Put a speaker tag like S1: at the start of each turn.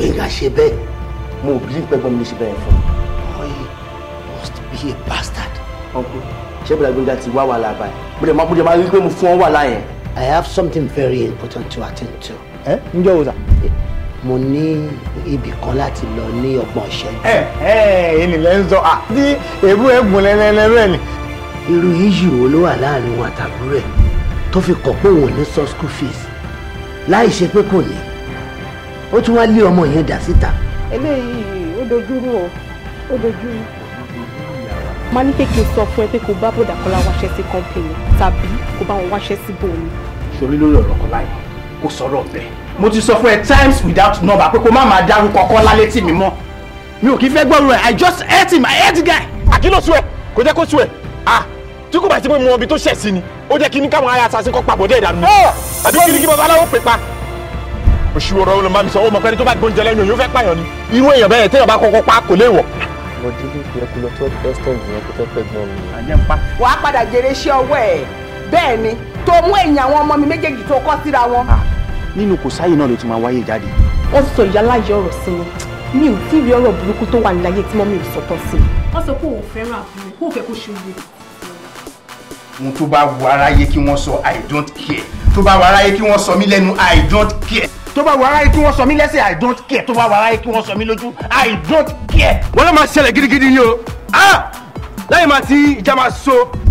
S1: èyí á bẹ́ẹ̀ mo ò believe mi ṣe bẹ́ẹ̀ fún mi. boy must be a bastard. uncle ṣé bùrọ̀dá ti wá wàhálà báyìí bùrọ̀dá máa máa rí pé mo fún ọ wàhálà yẹn. I have something very important to attend to. ẹ ǹjẹ́ wo sà. mo ní ibì kan láti lọ ní ọgbọ̀n ìṣẹ́jú. ẹ ẹ ènìyàn ń sọ àti èébú ẹ̀gbọ́n lẹ́lẹ́lẹ́rẹ́ ni. irú issue wo ló wà láàrin wọn àtàbúrò ẹ̀ tó fi kọ̀ pé òun ò ní sọ school fees láì ṣe pé kò ní ó tún wá lé ọmọ yẹn dà síta. eléyìí ó dojúrú o ó dojúrú. máa ní pé kí n sọ fún ẹ pé kò bá bòdà kọ́lá wáṣẹ́ sí kọ́ńpìnì tàbí kò bá wọn wáṣẹ́ sí bòónì. sori lórí ọ̀rọ̀ kan láyé kò sọ̀rọ̀ bẹ́ẹ̀. mo ti sọ fún ẹ times without number pé kó má máa dárúkọ Kọ́lá létí mi mọ́ mi ò kí fẹ́ gbọ́rọ̀ ẹ̀ i just hate him i hate the guy. àkìlọ̀ sú ẹ kò jẹ́ kó sú ẹ ah tí kò bá ti pé mo mọ ibi tó ṣẹ̀ sí ni ó jẹ́ kí ní káwọn ayé assassin kọ́ papọ̀ dé ìdánù mi ah! àbí kí ni kí babaláwo pè pa òṣìwò ọ̀rọ̀ máa mi sọ ó mọ tó bá gbóúnjẹ lẹ́nu yóò fẹ́ pààyàn ni irú èèyàn bẹ́ẹ̀ téèyàn bá kọ́kọ́ pa kò léèwọ̀. mo dúró pé ẹkú lọ tó extent yẹn kó fẹ́ pẹ́ gbọ́n mi. wàá padà jèrè iṣẹ́ ọwọ́ ẹ̀ bẹ́ẹ̀ ni tó mú èèyàn àwọn ọmọ mi méjèèjì tó kọ́ síra wọn. Ah, nínú kò sáyé náà ló ti máa wáyé jáde. ó sọ ìyáláyé ọ̀rọ̀ tó bá wù aráyé kí wọ́n sọ i don't care tó bá wù aráyé kí wọ́n sọ mí lẹ́nu i don't care tó bá wàrà yìí kí wọ́n sọ mí lẹ́sẹ̀ i don't care tó bá wàrà yìí kí wọ́n sọ mí lójú i don't care. wọ́n lọ máa ṣẹlẹ̀ gidigidi ni o ah! láyé máa ti ìjà máa so